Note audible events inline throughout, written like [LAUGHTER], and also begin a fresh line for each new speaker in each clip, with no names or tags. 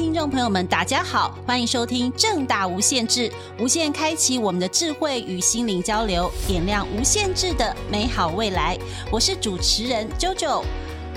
聽眾朋友們，大家好，歡迎收聽政大無限誌，無限開啟我們的智慧與心靈交流，點亮無限誌的美好未來。我是主持人 JoJo jo。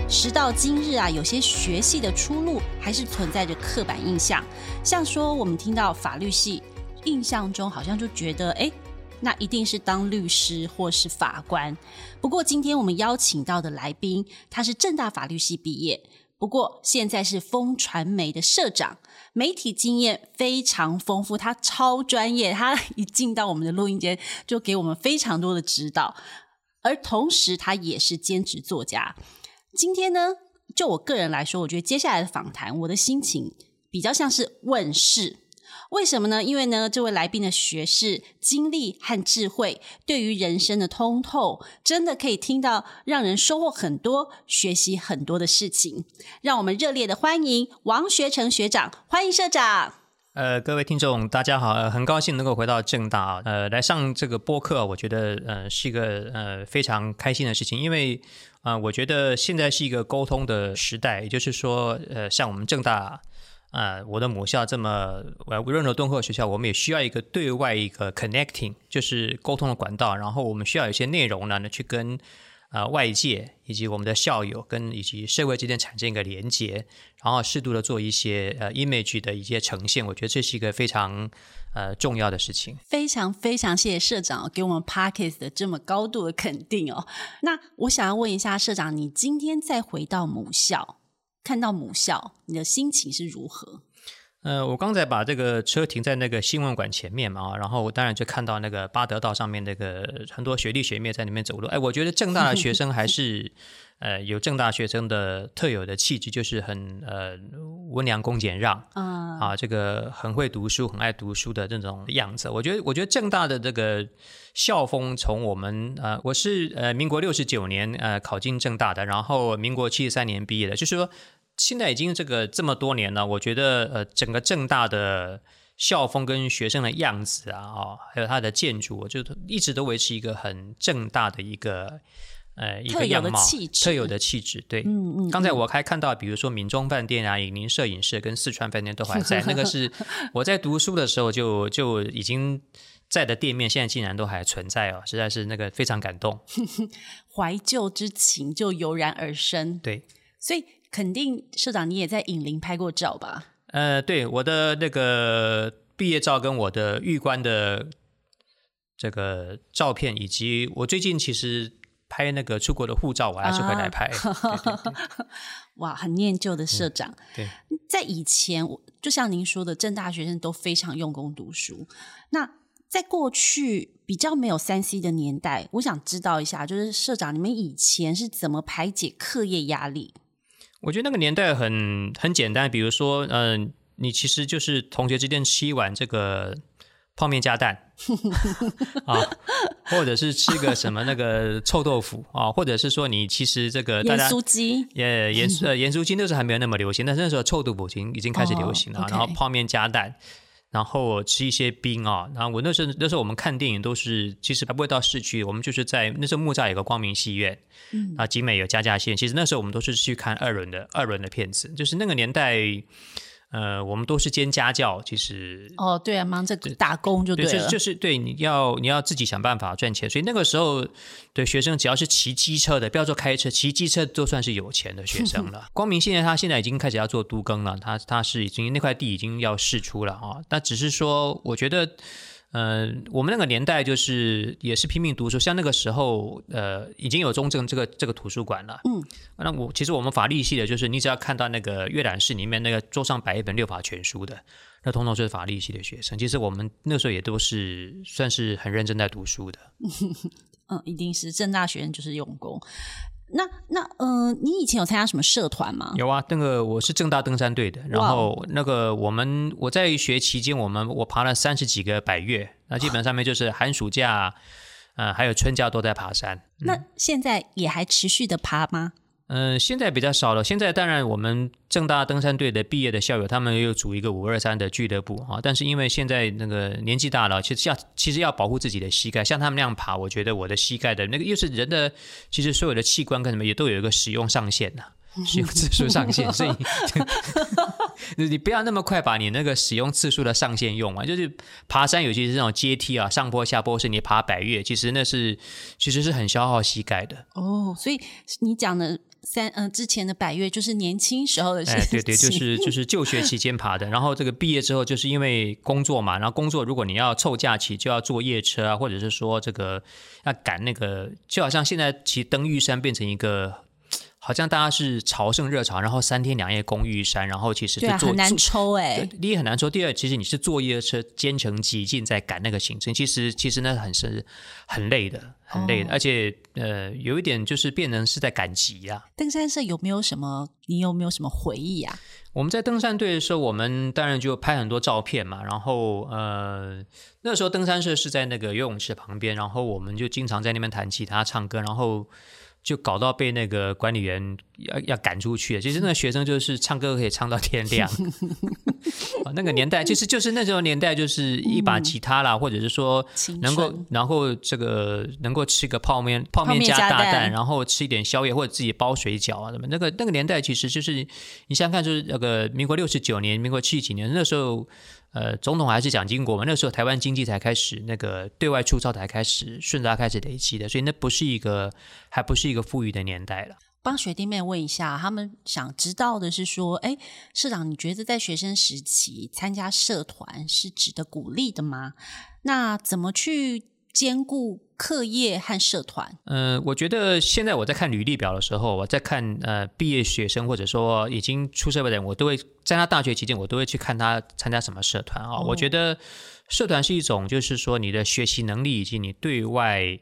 時到今日啊，有些學系的出路還是存在着刻板印象，像說我們聽到法律系，印象中好像就覺得，誒，那一定是當律師或是法官。不過今天我們邀請到的來賓，他是政大法律系畢業。不過現在是風傳媒的社長，媒體經驗非常豐富，他超專業。他一進到我們的錄音間，就給我們非常多的指導，而同時他也是兼職作家。今天呢，就我個人來說，我覺得接下來的訪談，我的心情比較像是問世。為什麼呢？因為呢，這位來賓的學識經歷和智慧，對於人生的通透，真的可以聽到，讓人收穫很多，學習很多的事情。讓我們熱烈的歡迎王學呈學長，歡迎社長。
呃，各位聽眾，大家好，呃、很高興能夠回到政大啊，呃，來上這個播客，我覺得呃是一個呃非常開心的事情，因為啊、呃，我覺得現在是一個溝通的時代，也就是說，呃，像我們政大。呃，我的母校這麼，呃，溫柔敦厚的學校，我們也需要一個對外一個 connecting，就是溝通的管道。然後，我們需要有些內容呢，去跟呃外界以及我們的校友跟以及社會之間產生一個連接。然後，適度的做一些呃 image 的一些呈現，我覺得這是一個非常呃重要的事情。
非常非常謝謝社長給我們 Podcast 的這麼高度的肯定哦。那我想要問一下社長，你今天再回到母校，看到母校，你的心情是如何？
呃，我剛才把這個車停在那個新聞館前面嘛，然後我當然就看到那個八德道上面那個很多學弟學妹在裡面走路。哎，我覺得政大的學生還是 [LAUGHS] 呃，有政大學生的特有的氣質，就是很呃，溫良恭儉讓啊，這個很會讀書、很愛讀書的這種樣子。我覺得，我覺得政大的這個校風，從我們呃，我是呃民國六十九年呃考進政大的，然後民國七十三年畢業的，就是說。現在已經這個這麼多年了，我覺得呃，整個政大的校風跟學生的樣子啊，哦，還有它的建築，就一直都維持一個很政大的一個呃一個樣貌，特有的氣質，特有的氣質。對，嗯嗯。嗯嗯剛才我還看到，比如說民中飯店啊、以寧攝影室跟四川飯店都還在， [LAUGHS] 那個是我在讀書的時候就就已經在的店面，現在竟然都還存在哦，實在是那個非常感動，
[LAUGHS] 懷舊之情就油然而生。對，所以。肯定，社長，你也在影林拍過照吧？
呃，對，我的那個畢業照跟我的預官的這個照片，以及我最近其實拍那個出國的護照，我還是會來拍。
哇，很念舊的社長。嗯、對，在以前，我就像您說的，政大學生都非常用功讀書。那在過去比較沒有三 C 的年代，我想知道一下，就是社長，你們以前是怎麼排解課業壓力？
我覺得那個年代很很簡單，比如說，嗯、呃，你其實就是同學之間吃一碗這個泡麵加蛋 [LAUGHS] 啊，或者是吃個什麼那個臭豆腐啊，或者是說你其實這個大家鹽酥雞，呃、鹽酥鹽酥雞都是還沒有那麼流行，嗯、但是那時候臭豆腐已經已經開始流行了，oh, okay. 然後泡麵加蛋。然後吃一些冰啊，然後我那時候那時候我們看電影都是，其實還不會到市區，我們就是在那時候木柵有個光明戲院，啊、嗯，景美有嘉嘉戲院，其實那時候我們都是去看二輪的二輪的片子，就是那個年代。呃，我們都是兼家教，其實
哦，對啊，忙着打工就對了。對就是、就
是、對，你要你要自己想辦法賺錢。所以那個時候，對學生只要是騎機車的，不要說開車，騎機車都算是有錢的學生了。嗯、哼光明現在他現在已經開始要做都更了，他他是已經那塊地已經要釋出了啊、哦，那只是說，我覺得。呃，我們那個年代就是也是拼命讀書，像那個時候，呃，已經有中正這個這個圖書館了。嗯，那我其實我們法律系的，就是你只要看到那個閱覽室裡面那個桌上擺一本《六法全書》的，那統統就是法律系的學生。其實我們那時候也都是算是很認真在讀書的。
[LAUGHS] 嗯，一定是政大學生，就是用功。那那嗯、呃，你以前有參加什麼社團嗎？
有啊，那個我是政大登山隊的，然後那個我們我在學期間，我們我爬了三十幾個百岳，那基本上面就是寒暑假，嗯哇、呃，還有春假都在爬山。
嗯、那現在也還持續的爬嗎？
嗯、呃，現在比較少了。現在當然，我們政大登山隊的畢業的校友，他們又組一個五二三的俱樂部啊。但是因為現在那個年紀大了，其實要其實要保護自己的膝蓋，像他們那樣爬，我覺得我的膝蓋的那個又是人的，其實所有的器官跟什麼也都有一個使用上限、啊使用次數上限，所以 [LAUGHS] [LAUGHS] 你不要那麼快把你那個使用次數的上限用完，就是爬山，尤其是這種階梯啊，上坡下坡，是你爬百岳，其實那是其實是很消耗膝蓋的。
哦，所以你講的三嗯、呃、之前的百岳就是年輕時候的事情，哎、對，對對，就是就是就學期
間爬的。然後這個畢業之後，就是因為工作嘛，然後工作如果你要湊假期，就要坐夜車啊，或者是說這個要趕那個，就好像現在其實登玉山變成一個。好像大家是朝聖熱潮，然後三天兩夜攻玉山，然後其實就、啊、很難
抽哎、
欸，第一很難抽，第二其實你是坐夜車、兼程急進在趕那個行程，其實其實那很是很累的，很累的，哦、而且呃有一點就是變成是在趕集呀。
登山社有沒有什麼？你有沒有什麼回憶啊？
我們在登山隊的時候，我們當然就拍很多照片嘛。然後呃那時候登山社是在那個游泳池旁邊，然後我們就經常在那邊彈吉他、唱歌，然後。就搞到被那個管理員要要趕出去。其實那個學生就是唱歌可以唱到天亮， [LAUGHS] [LAUGHS] 那個年代就是就是那時候年代就是一把吉他啦，嗯、或者是說能夠算然後這個能夠吃個泡麵，泡麵加大蛋，蛋然後吃一點宵夜或者自己包水餃啊什麼。那個那個年代其實就是你想想看，就是那個民國六十九年、民國七十幾年那時候。呃，總統還是蔣經國嘛，那時候台灣經濟才開始那個對外出超，才開始順差開始累積的，所以那不是一個還不是一個富裕的年代了。
幫學弟妹問一下，他們想知道的是說，哎、欸，社長，你覺得在學生時期參加社團是值得鼓勵的嗎？那怎麼去兼顧？課業和社團，
呃，我覺得現在我在看履歷表的時候，我在看呃畢業學生或者說已經出社會的人，我都會在他大學期間，我都會去看他參加什麼社團啊。哦，我覺得社團是一種，就是說你的學習能力以及你對外。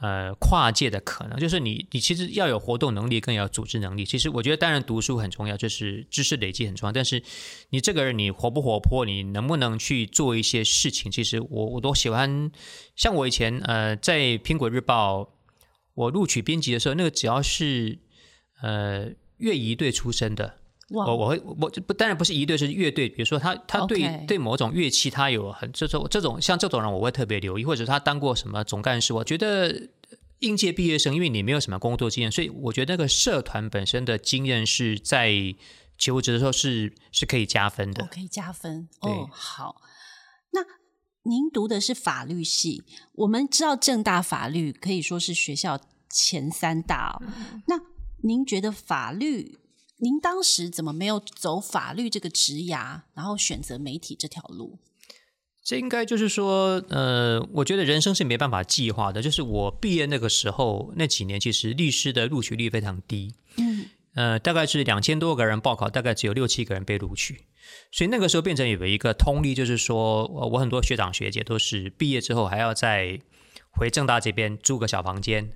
呃，跨界的可能就是你，你其實要有活動能力，更要組織能力。其實我覺得，當然讀書很重要，就是知識累積很重要。但是你這個人，你活不活潑，你能不能去做一些事情？其實我我都喜歡像我以前呃，在蘋果日報我錄取編輯的時候，那個只要是呃，樂儀隊出身的。我 Wow. 我會我不當然不是一對是樂隊，比如說他他對 Okay. 對某種樂器他有很就是這種像這種人我會特別留意，或者他當過什麼總幹事。我覺得應屆畢業生，因為你沒有什麼工作經驗，所以我覺得那個社團本身的經驗是在求職的時候是是可以加分的，
可以、okay, 加分。哦對，oh, 好，那您讀的是法律系，我們知道政大法律可以說是學校前三大、哦、 [LAUGHS] 那您覺得法律？您當時怎麼沒有走法律這個職涯，然後選擇媒體這條路？
這應該就是說，呃，我覺得人生是沒辦法計劃的。就是我畢業那個時候，那幾年其實律師的錄取率非常低，嗯，呃，大概是兩千多個人報考，大概只有六七個人被錄取。所以那個時候變成有一個通例，就是說，我很多學長學姐都是畢業之後還要再回政大這邊租個小房間。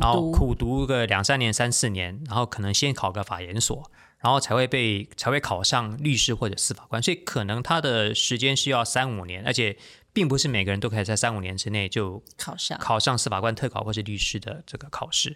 然後苦讀個兩三年、三四年，然後可能先考個法研所，然後才會被才會考上律師或者司法官，所以可能他的時間需要三五年，而且並不是每個人都可以在三五年之內就考上考上司法官特考或者律師的這個考試。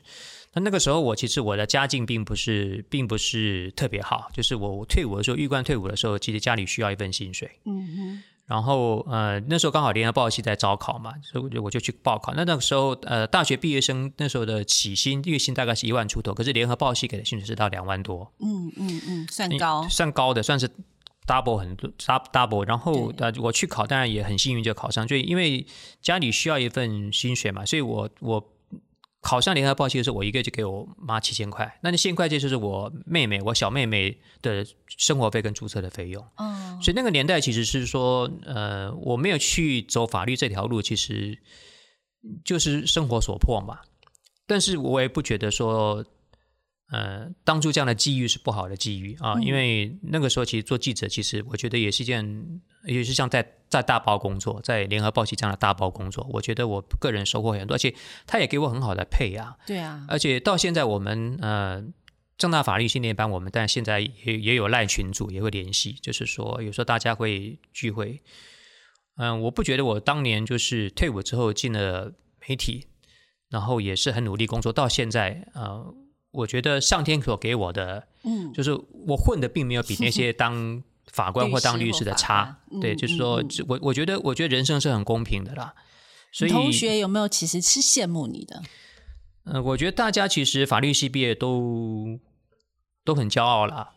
那那個時候，我其實我的家境並不是並不是特別好，就是我退伍的時候，預官退伍的時候，其實家裡需要一份薪水。嗯嗯。然後，呃，那時候剛好聯合報系在招考嘛，所以我就，我就去報考。那那個時候，呃，大學畢業生那時候的起薪月薪大概是一萬出頭，可是聯合報系給的薪水是到兩萬多。嗯嗯
嗯，算高，
算高的，算是 double 很多，double double。double，然後，呃對、啊，我去考，當然也很幸運就考上，就因為家裡需要一份薪水嘛，所以我我。考上聯合報系的時候，我一個月就給我媽七千塊。那那七千塊，這就是我妹妹、我小妹妹的生活費跟注冊的費用。嗯，所以那個年代其實是說，呃，我沒有去走法律這條路，其實就是生活所迫嘛。但是我也不覺得說，呃，當初這樣的機遇是不好的機遇啊。嗯。因為那個時候，其實做記者，其實我覺得也是一件，也是像在。在大報工作，在聯合報系這樣的大報工作，我覺得我個人收穫很多，而且他也給我很好的培養。
對啊，而
且到現在我們呃政大法律訓練班，我們但現在也也有賴群組也會聯繫，就是說有時候大家會聚會。嗯，我不覺得我當年就是退伍之後進了媒體，然後也是很努力工作，到現在啊、呃，我覺得上天所給我的，嗯，就是我混得並沒有比那些當。 [LAUGHS] 法官或當律師的差，對，就是說，我我覺得，我覺得人生是很公平的啦。所以同學
有沒有其實是羨慕你的？
嗯，我覺得大家其實法律系畢業都都很驕傲啦。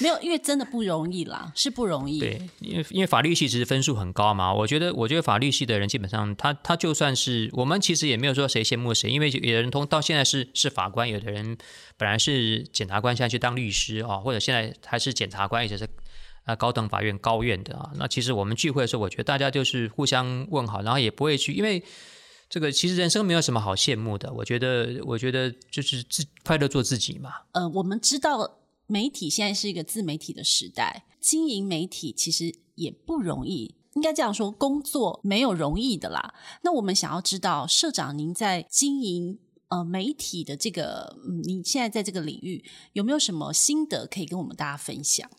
沒有，因為真的不容易啦，是不容易。
對，因為因為法律系其實分數很高嘛。我覺得我覺得法律系的人基本上，他他就算是我們其實也沒有說誰羨慕誰，因為有人通到現在是是法官，有的人本來是檢察官，現在去當律師啊、喔，或者現在還是檢察官，或是。啊，高等法院高院的啊，那其實我們聚會的時候，我覺得大家就是互相問好，然後也不會去，因為這個其實人生沒有什麼好羨慕的。我覺得，我覺得就是自快樂做自己嘛。
呃，我們知道媒體現在是一個自媒體的時代，經營媒體其實也不容易。應該這樣說，工作沒有容易的啦。那我們想要知道，社長您在經營呃媒體的這個，嗯，您現在在這個領域有沒有什麼心得可以跟我們大家分享？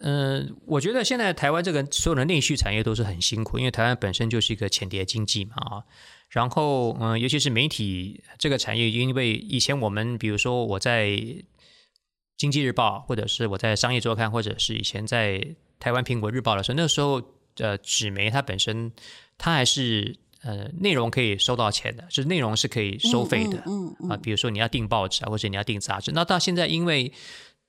嗯、呃，我覺得現在台灣這個所有的內需產業都是很辛苦，因為台灣本身就是一個淺碟經濟嘛啊。然後嗯、呃，尤其是媒體這個產業，因為以前我們比如說我在《經濟日報》或者是我在《商業周刊》，或者是以前在台灣《蘋果日報》的時候，那個、時候呃紙媒它本身它還是呃內容可以收到錢的，就是內容是可以收費的，嗯啊、嗯嗯呃，比如說你要訂報紙啊，或者你要訂雜誌。那到現在因為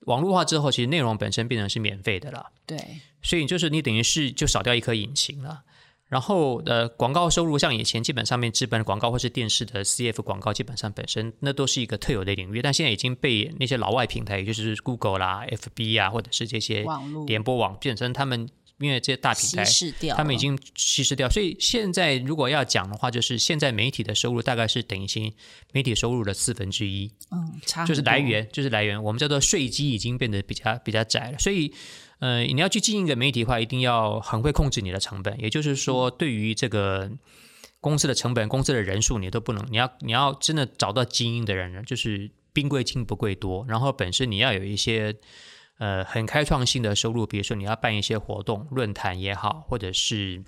網絡化之後，其實內容本身變成是免費的了。對，所以就是你等於是就少掉一顆引擎了。然後呃，廣告收入像以前基本上面基本的廣告或是電視的 CF 廣告，基本上本身那都是一個特有的領域，但現在已經被那些老外平台，也就是 Google 啦、FB 啊，或者是這些網絡聯播網變成他們。因為這些大品牌，他們已經稀釋掉，所以現在如果要講的話，就是現在媒體的收入大概是等於新媒體收入的四分之一，嗯，
差就是來源
就是來源，我們叫做稅基已經變得比較比較窄了。所以，呃，你要去經營一個媒體的話，一定要很會控制你的成本。也就是說，對於這個公司的成本、公司的人數，你都不能，你要你要真的找到精英的人，就是兵貴精不貴多。然後，本身你要有一些。呃，很開創性的收入，比如說你要辦一些活動、論壇也好，或者是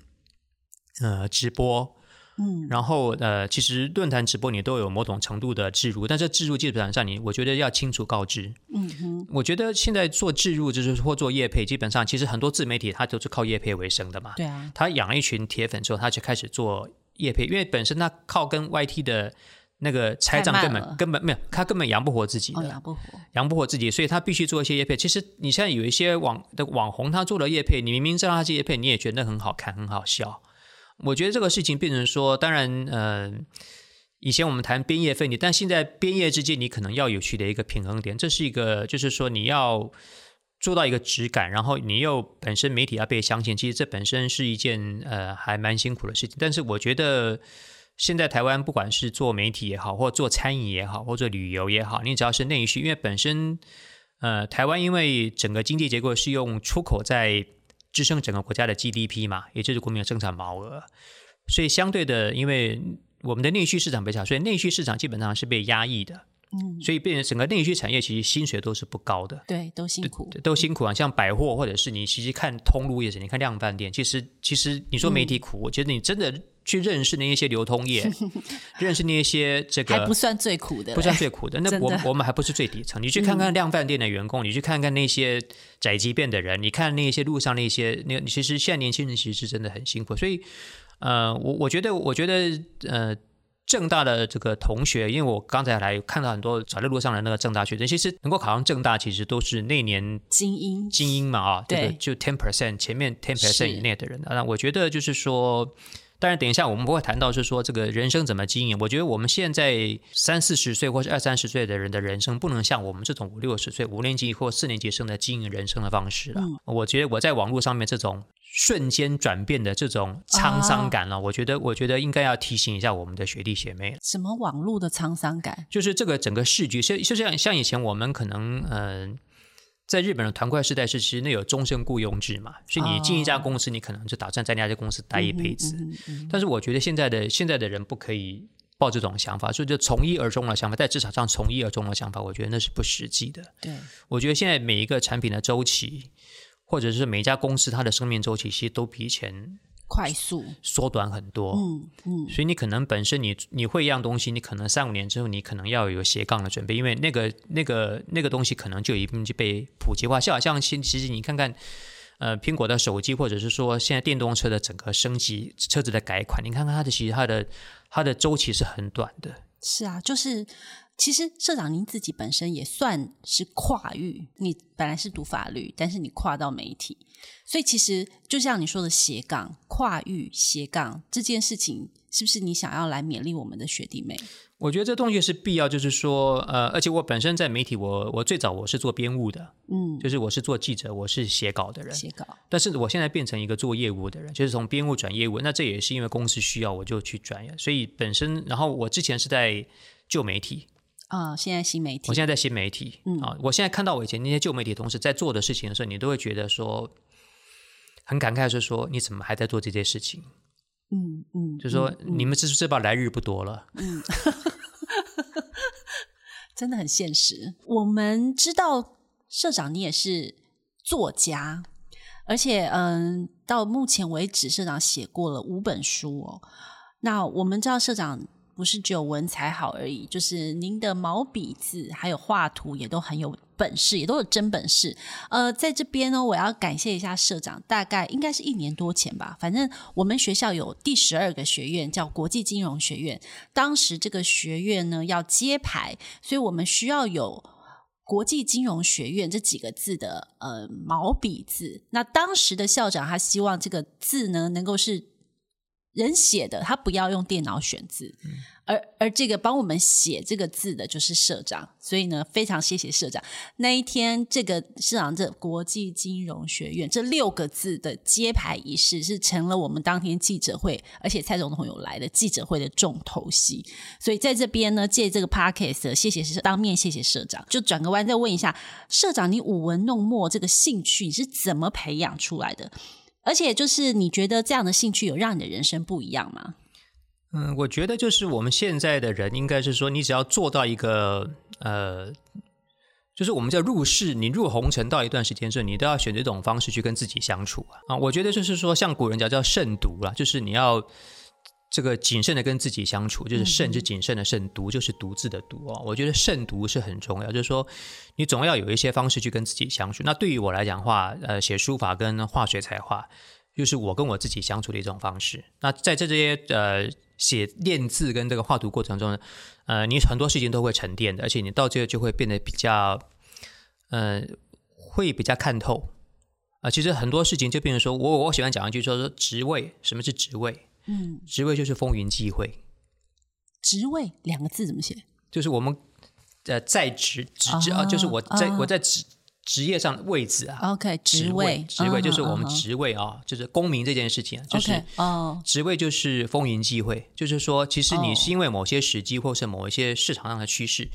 呃直播，嗯，然後呃，其實論壇、直播你都有某種程度的置入，但是置入基本上你，我覺得要清楚告知，嗯哼，我覺得現在做置入就是或做業配，基本上其實很多自媒體它都是靠業配為生的嘛，對啊，他養了一群鐵粉之後，他就開始做業配，因為本身他靠跟 YT 的，那個拆賬根本根本沒有，他根本養不活自己的，養、哦、不活養不活自己，所以他必須做一些業配。其實你像在有一些網的網紅，他做了業配，你明明知道他是業配，你也覺得那很好看、很好笑。我覺得這個事情變成說，當然，嗯、呃，以前我們談編業分離你，但現在編業之間你可能要有取得一個平衡點，這是一個就是說你要做到一個質感，然後你又本身媒體要被相信，其實這本身是一件呃還蠻辛苦的事情。但是我覺得。現在台灣不管是做媒體也好，或做餐飲也好，或做旅遊也好，你只要是內需，因為本身呃台灣因為整個經濟結構是用出口在支撐整個國家的 GDP 嘛，也就是國民的生產毛額，所以相對的，因為我們的內需市場比較小，所以內需市場基本上是被壓抑的，嗯，所以變成整個內需產業其實薪水都是不高的，
對，都辛苦，都，都
辛苦啊！像百貨或者是你其實看通路也是，你看量販店，其實其實你說媒體苦，嗯，我覺得你真的去認識那一些流通業， [LAUGHS] 認識那一些這個還不算
最苦的，不算最苦的。欸、的那我我們
還不是最底層。你去看看量販店的員工，嗯、你去看看那些宅急便的人，你看那些路上那些那個。其實現在年輕人其實真的很辛苦。所以，呃，我我覺得，我覺得，呃，政大的這個同學，因為我剛才來看到很多走在路上的那個政大學生，其實能夠考上政大，其實都是那年精英精英嘛啊，對，對，對，就 ten percent 對前面 ten percent 以內的人。是那我覺得就是說。但是等一下，我們不會談到是說這個人生怎麼經營。我覺得我們現在三四十歲或是二三十歲的人的人生，不能像我們這種五六十歲五年級或四年級生的經營人生的方式了。我覺得我在網絡上面這種瞬間轉變的這種滄桑感了，我覺得我覺得應該要提醒一下我們的學弟學妹了。什
麼網絡的滄桑感？
就是這個整個世局像像像以前我們可能嗯、呃。在日本的團塊世代是其實那有終身僱傭制嘛，所以你進一家公司，你可能就打算在那家公司待一輩子。但是我覺得現在的現在的人不可以抱這種想法，所以就從一而終的想法，在市場上從一而終的想法，我覺得那是不實際的。對，我覺得現在每一個產品的週期，或者是每一家公司它的生命週期，其實都比以前。快速縮短很多，嗯
嗯，嗯，
所以你可能本身你你會一樣東西，你可能三五年之後，你可能要有斜槓的準備，因為那個那個那個東西可能就已經就被普及化。像好像現其實你看看，呃，蘋果的手機或者是說現在電動車的整個升級車子的改款，你看看它的其實它的它的周期是很短的。
是啊，就是。其實，社長您自己本身也算是跨域，你本來是讀法律，但是你跨到媒體，所以其實就像你說的斜槓跨域、斜槓這件事情，是不是你想要來勉勵我們的學弟妹？
我覺得這東西是必要，就是說，呃，而且我本身在媒體我，我我最早我是做編務的，嗯，就是我是做記者，我是寫稿的人，寫稿，但是我現在變成一個做業務的人，就是從編務轉業務，那這也是因為公司需要，我就去轉業，所以本身，然後我之前是在舊媒體。
啊、哦，現在新媒體。我現
在在新媒體。嗯啊、哦，我現在看到我以前那些舊媒體同事在做的事情的時候，你都會覺得說很感慨，是說你怎麼還在做這件事情？嗯嗯，
嗯嗯嗯就是說你
們是不是這把來日不多
了？嗯呵呵，真的很現實。我們知道社長你也是作家，而且嗯，到目前為止社長寫過了五本書哦。那我們知道社長。不是只有文才好而已，就是您的毛筆字還有畫圖也都很有本事，也都有真本事。呃，在這邊呢，我要感謝一下社長。大概應該是一年多前吧，反正我們學校有第十二個學院叫國際金融學院，當時這個學院呢要揭牌，所以我們需要有“國際金融學院”這幾個字的呃毛筆字。那當時的校長他希望這個字呢能夠是。人寫的，他不要用電腦選字，嗯、而而這個幫我們寫這個字的就是社長，所以呢，非常謝謝社長。那一天，這個社長這國際金融學院這六個字的揭牌儀式是成了我們當天記者會，而且蔡總統有來的記者會的重頭戲。所以在這邊呢，借這個 podcast 謝謝社長當面謝謝社長。就轉個彎再問一下，社長，你舞文弄墨這個興趣你是怎麼培養出來的？而且，就是你覺得這樣的興趣有讓你的人生不一樣嗎？嗯，
我覺得就是我們現在的人應該是說，你只要做到一個呃，就是我們叫入世，你入紅塵到一段時間之後，你都要選擇一種方式去跟自己相處啊。啊，我覺得就是說，像古人講叫慎獨啊，就是你要。這個謹慎的跟自己相處，就是慎是謹慎的慎，獨、嗯、就是獨自的獨哦。我覺得慎獨是很重要，就是說你總要有一些方式去跟自己相處。那對於我來講話，呃，寫書法跟畫水彩畫就是我跟我自己相處的一種方式。那在這些呃寫練字跟這個畫圖過程中，呃，你很多事情都會沉澱的，而且你到這個就會變得比較，呃，會比較看透啊、呃。其實很多事情就變成說我我喜歡講一句說，說說職位，什麼是職位？嗯，職位就是風雲際會。職位兩個字怎麼寫？就是我們呃，在職職職、uh huh. 啊，就是我在、uh huh. 我在職職業上的位置啊。OK，職位職位就是我們職位啊，uh huh. 就是公民這件事情，就是哦，職位就是風雲際會，就是說，其實你是因為某些時機，或是某一些市場上的趨勢，uh huh.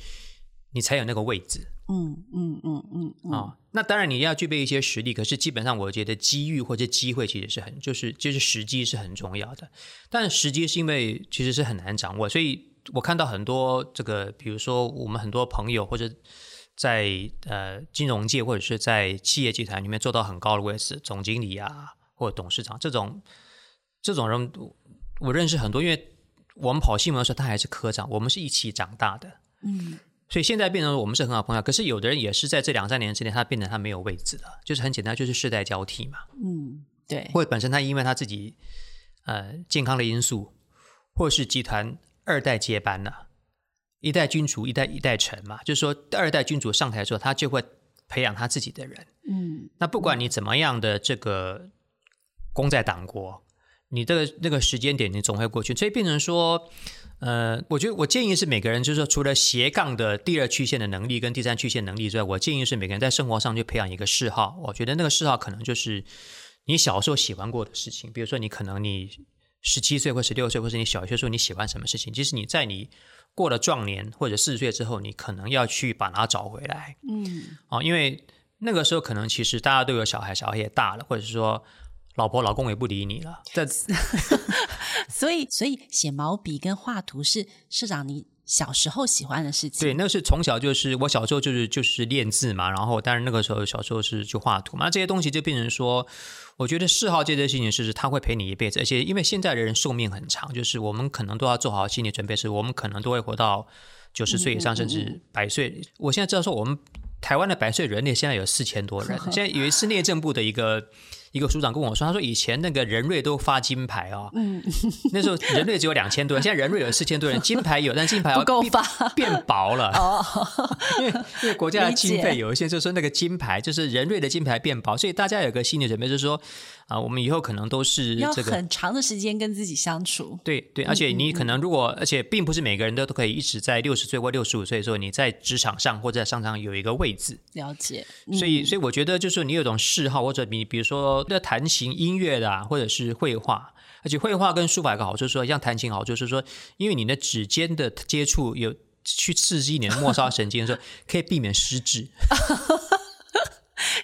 你才有那個位置。
嗯嗯嗯嗯啊、哦，
那當然你要具備一些實力，可是基本上我覺得機遇或者機會其實是很，就是就是時機是很重要的，但時機是因為其實是很難掌握，所以我看到很多這個，比如說我們很多朋友或者在呃金融界或者是在企業集團裡面做到很高的位置，總經理啊或者董事長這種，這種人我認識很多，因為我們跑新聞的時候他還是科長，我們是一起長大的，嗯。所以現在變成我們是很好朋友，可是有的人也是在這兩三年之內，他變成他沒有位置了，就是很簡單，就是世代交替嘛。
嗯，
對。或者本身他因為他自己呃健康的因素，或是集團二代接班了，一代君主一代一代臣嘛，就是說二代君主上台的時候，他就會培養他自己的人。嗯，那不管你怎麼樣的這個功在黨國，你的那個時間點你總會過去，所以變成說。呃，我覺得我建議是每個人，就是說，除了斜槓的第二曲線的能力跟第三曲線能力之外，我建議是每個人在生活上去培養一個嗜好。我覺得那個嗜好可能就是你小時候喜歡過的事情，比如說你可能你十七歲或十六歲，或是你小學時候你喜歡什麼事情，其實你在你過了壯年或者四十歲之後，你可能要去把它找回來。
嗯，
哦，因為那個時候可能其實大家都有小孩，小孩也大了，或者是說。老婆老公也不理你了，這
[LAUGHS] 所以所以寫毛筆跟畫圖是社長你小時候
喜歡的事情？對，那是從小就是我小時候就是就是練字嘛，然後但是那個時候小時候是就畫圖嘛，這些東西就變成說，我覺得嗜好這件事情是他會陪你一輩子，而且因為現在的人壽命很長，就是我們可能都要做好心理準備，是我們可能都會活到九十歲以上、嗯、甚至百歲。我現在知道說我們台灣的百歲人瑞現在有四千多人，呵呵現在有一次內政部的一個。一個署長跟我說，他說以前那個人瑞都發金牌哦，嗯，那時候人瑞只有兩千多人， [LAUGHS] 現在人瑞有四千多人，金牌有，但金牌不夠發，變薄了，因 [LAUGHS] 為，因為國家的經費有限，就解就說那個金牌就是人瑞的金牌變薄，所以大家有個心理準備，就是說。啊，我們以後可能都是、這個、要很
長的時間跟自己相處。
對對，而且你可能如果，嗯嗯嗯，而且並不是每個人都都可以一直在六十歲或六十五歲的時候，你在職場上或者在商場有一個位置。
了解。嗯、
所以所以我覺得就是你有一種嗜好，或者你比如說要彈琴、音樂的、啊，或者是繪畫，而且繪畫跟書法也好，就是說像彈琴好，就是說因為你的指尖的接觸有去刺激你的末梢神經的時候， [LAUGHS] 可以避免失智。 [LAUGHS]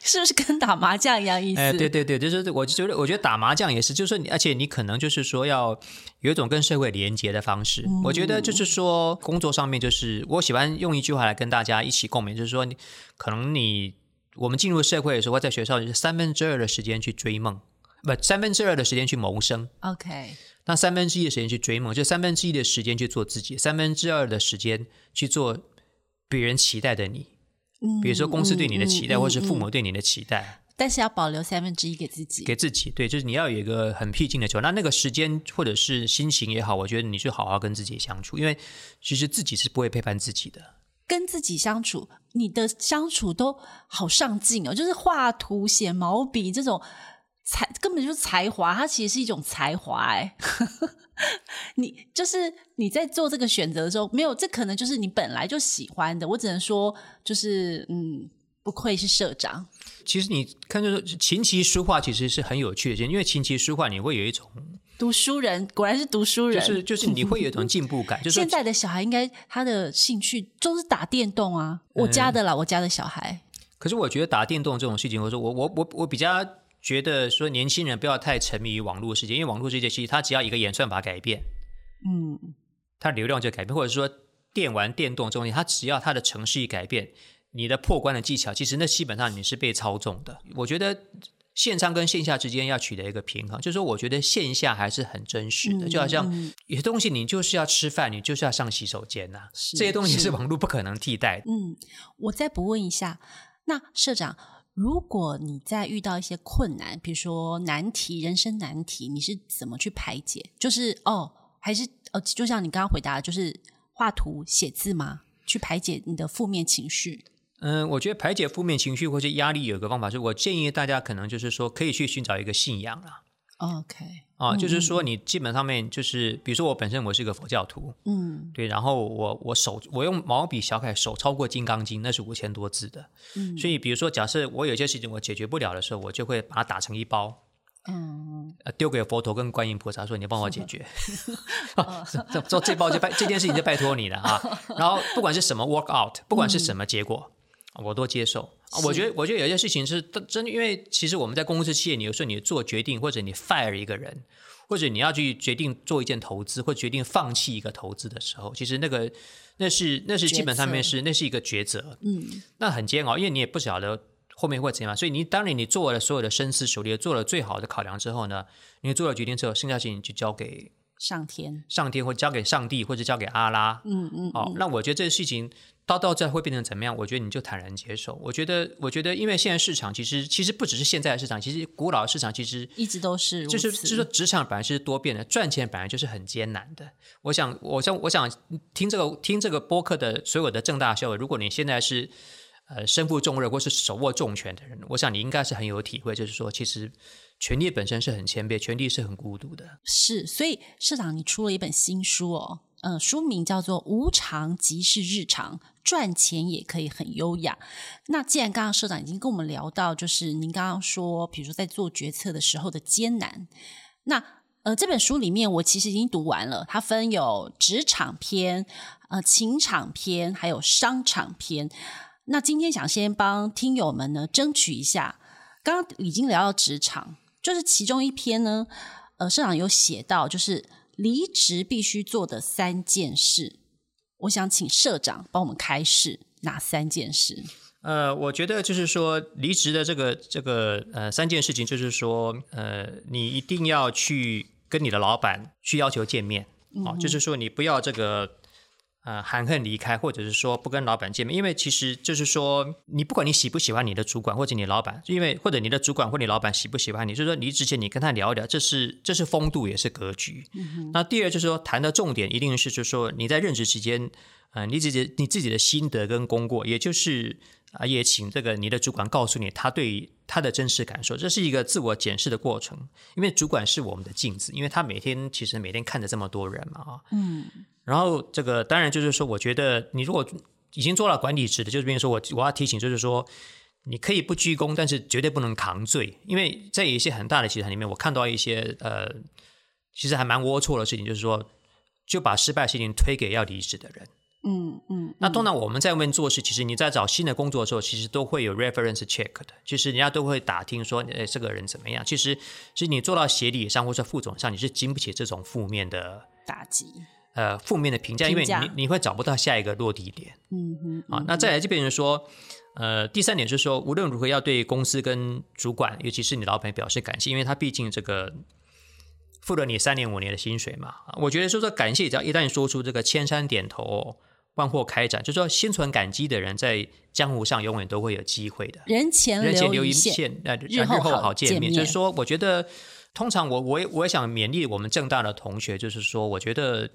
是不是跟打麻將一樣意思，呃？對對
對，就是我覺得，我覺得打麻將也是，就是說你，而且你可能就是說要有一種跟社會連接的方式。嗯、我覺得就是說，工作上面就是我喜歡用一句話來跟大家一起共勉，就是說你，可能你我們進入社會的時候，在學校就是三分之二的時間去追夢，不，三分之二的時間去謀生。OK，那三分之一的時間去追夢，就三分之一的時間去做自己，三分之二的時間去做別人期待的你。
比如說，公司對你的期待，或是父母
對你的期待，嗯嗯
嗯嗯，但是要保留三分之一給自
己，給自己對，就是你要有一個很僻靜的球。那那個時間或者是心情也好，我覺得你去好好跟自己相處，因為其實自己是不會背叛自己的。
跟自己相處，你的相處都好上進哦，就是畫圖、寫毛筆這種。才根本就是才華，它其實是一種才華、欸。哎， [LAUGHS] 你就是你在做這個選擇的時候，沒有這可能就是你本來就喜歡的。我只能說，就是嗯，不愧是社長。
其實你看，就是琴棋書畫，其實是很有趣的事情。因為琴棋書畫，你會有一種
讀書人，果然是讀書人，就是就是你
會有一種進步感。 [LAUGHS] 就是現在
的小孩，應該他的興趣都是打電動啊。我家的啦，嗯、我家的小孩。
可是我覺得打電動這種事情，我說我我我我比較。覺得說年輕人不要太沉迷於網絡世界，因為網絡世界其實它只要一個演算法改變，嗯，它流量就改變，或者是說電玩、電動中心，它只要它的程序改變，你的破關的技巧，其實那基本上你是被操縱的。嗯、我覺得線上跟線下之間要取得一個平衡，就是說我覺得線下還是很真實的，就好像有些東西你就是要吃飯，你就是要上洗手間吶、啊，嗯、這些東西是網絡不可能替代的。
嗯，我再補問一下，那社長。如果你在遇到一些困難，比如說難題、人生難題，你是怎麼去排解？就是哦，還是哦，就像你剛剛回答的，就是畫圖、寫字嘛？去排解你的負面情緒？嗯、
呃，我覺得排解負面情緒或是壓力有一個方法，是我建議大家可能就是說可以去尋找一個信仰啊。OK，啊，就是說你基本上面就是，比如說我本身我是一個佛教徒，嗯，對，然後我我手我用毛筆小楷手抄過《金剛經》，那是五千多字的，
嗯，所以比
如說假設我有些事情我解決不了的時候，我就會把它打成一包，嗯，丟給佛陀跟觀音菩薩說你幫我解決，哈這這這包就拜這件事情就拜託你了啊，然後不管是什麼 work out，不管是什麼結果，我都接受。是 我覺得，我覺得有一些事情是真，因為其實我們在公司企業，你有時候你做決定，或者你 fire 一個人，或者你要去決定做一件投資，或決定放棄一個投資的時候，其實那個那是那是基本上面是策那是一個抉擇，嗯，那很煎熬，因為你也不曉得後面會怎樣，所以你當你你做了所有的深思熟慮，做了最好的考量之後呢，你做了決定之後，剩下事情就交給上天，上天或交給上帝，或者交給阿拉，
嗯嗯，好、嗯，哦
嗯、那我覺得這個事情。到到這會變成怎麼樣？我覺得你就坦然接受。我覺得，我覺得，因為現在市場其實，其實不只是現在的市場，其實古老的市場其實
一直都是，就是就是
職場本來是多變的，賺錢本來就是很艱難的。我想，我想，我想聽這個聽這個播客的所有的政大校友，如果你現在是呃身負重任或是手握重權的人，我想你應該是很有體會，就是說，其實權力本身是很謙卑，權力是很孤獨的。
是，所以社長你出了一本新書哦，嗯、呃，書名叫做《無常即是日常》。賺錢也可以很優雅。那既然剛剛社長已經跟我們聊到，就是您剛剛說，比如說在做決策的時候的艱難。那呃，這本書裡面我其實已經讀完了，它分有職場篇、呃，情場篇，還有商場篇。那今天想先幫聽友們呢爭取一下，剛剛已經聊到職場，就是其中一篇呢，呃，社長有寫到，就是離職必須做的三件事。我想請社長幫我們開示哪三件事？
呃，我覺得就是說，離職的這個這個呃三件事情，就是說，呃，你一定要去跟你的老板去要求見面。嗯，哦，就是說你不要這個。呃，含恨離開，或者是說不跟老板見面，因為其實就是說，你不管你喜不喜歡你的主管或者你老板，因為或者你的主管或者你老板喜不喜歡你，就是說離職前你跟他聊一聊，這是這是風度也是格局。嗯、哼那第二就是說，談的重點一定是就是說你在任職期間，呃，你自己你自己的心得跟功過，也就是。啊，也請這個你的主管告訴你，他對於他的真實感受，這是一個自我檢視的過程。因為主管是我們的鏡子，因為他每天其實每天看着這麼多人嘛，啊，嗯。然後這個當然就是說，我覺得你如果已經做了管理職的，就是比如說我我要提醒，就是說你可以不鞠躬，但是絕對不能扛罪。因為在一些很大的集團裡面，我看到一些呃，其實還蠻齷齪的事情，就是說就把失敗事情推給要離職的人。嗯嗯，嗯，那通常我們在外面做事，其實你在找新的工作的時候，其實都會有 reference check 的，其實人家都會打聽說，哎，這個人怎麼樣？其實，其實你做到協理上或者副總上，你是經不起這種負面的打擊，呃，負面的評價，評價，因為你你會找不到下一個落地點。嗯哼，嗯哼啊，那再來這邊就是說，呃，第三點就是說，無論如何要對公司跟主管，尤其是你老闆表示感謝，因為他畢竟這個付了你三年五年的薪水嘛。我覺得說這感謝，只要一旦說出這個千山點頭，萬貨開展，就是、說心存感激的人，在江湖上永遠都會有機會的。
人前人前留一線，然日後好見面。見面就是說，
我覺得通常我我我也想勉勵我們正大的同學，就是說，我覺得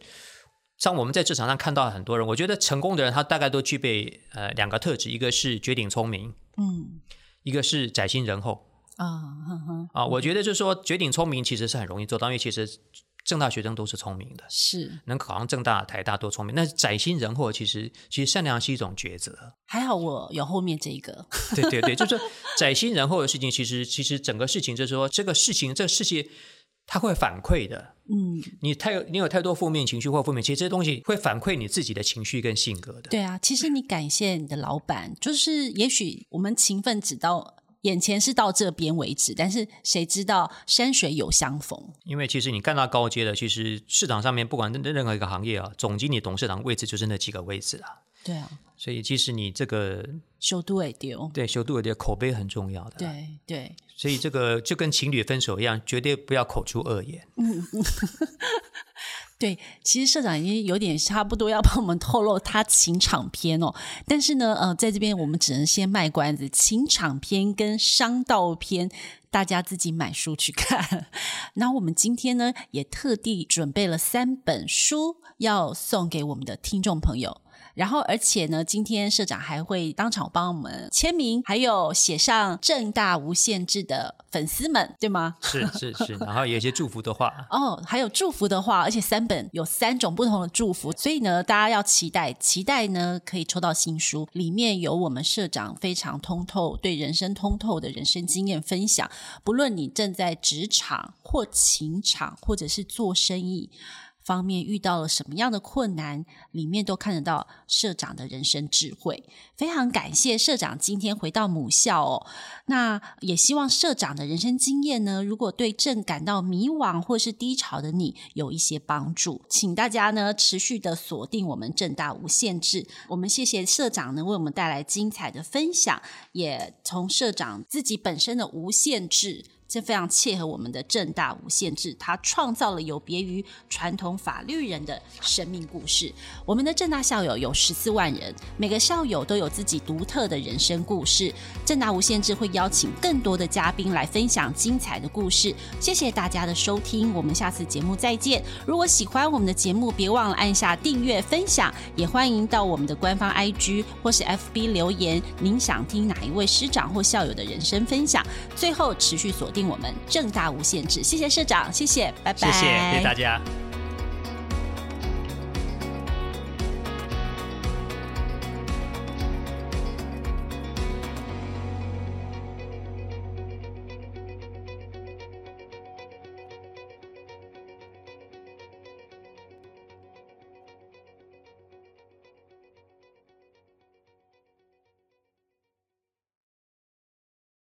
像我們在職場上看到很多人，我覺得成功的人他大概都具備呃兩個特質，一個是絕頂聰明，嗯，一個是宅心仁厚
啊，哈哈、哦、啊，我覺
得就是說絕頂聰明其實是很容易做到，因為其實。政大學生都是聰明的，是能考上政大台大，多聰明。那宅心仁厚，其實其實善良是一種抉擇。
還好我有後面這一個。 [LAUGHS] 對對對，就是
宅心仁厚的事情，其實其實整個事情就是說，這個事情這個事情它會反饋的。
嗯，
你太你有太多負面情緒或負面，其實這些東西會反饋你自己的情緒跟性格的。
對啊，其實你感謝你的老闆，就是也許我們勤奮直到。眼前是到這邊為止，但是誰知道山水有相逢？
因為其實你看到高階的，其實市場上面不管任何一個行業啊，總經理、董事長位置就是那幾個位置啊。對啊，所以其實你這個修都會丟、哦，對修都會丟、哦、口碑很重要的對。
對對，
所以這個就跟情侶分手一樣，絕對不要口出惡言。嗯
嗯 [LAUGHS] 對，其實社長已經有點差不多要幫我們透露他情場篇哦，但是呢，呃，在這邊我們只能先賣關子，情場篇跟商道篇，大家自己買書去看。 [LAUGHS] 那我們今天呢，也特地準備了三本書，要送給我們的聽眾朋友。然後，而且呢，今天社長還會當場幫我們簽名，還有寫上政大無限誌的粉絲們，對嗎？
是是是，然後有一些祝福的話
[LAUGHS] 哦，還有祝福的話，而且三本有三種不同的祝福，對所以呢，大家要期待，期待呢可以抽到新書，裡面有我們社長非常通透、對人生通透的人生經驗分享，不論你正在職場或情場，或者是做生意。方面遇到了什麼樣的困難，裡面都看得到社長的人生智慧。非常感謝社長今天回到母校哦，那也希望社長的人生經驗呢，如果對正感到迷惘或是低潮的你有一些幫助，請大家呢持續的鎖定我們政大無限誌。我們謝謝社長能為我們帶來精彩的分享，也從社長自己本身的無限誌。這非常切合我們的政大無限誌，它創造了有別於傳統法律人的生命故事。我們的政大校友有十四萬人，每個校友都有自己獨特的人生故事。政大無限誌會邀請更多的嘉賓來分享精彩的故事。謝謝大家的收聽，我們下次節目再見。如果喜歡我們的節目，別忘了按下訂閱、分享，也歡迎到我們的官方 IG 或是 FB 留言，您想聽哪一位師長或校友的人生分享？最後，持續鎖定。我們政大無限誌，謝謝社長，謝謝，拜拜謝謝，謝謝大家。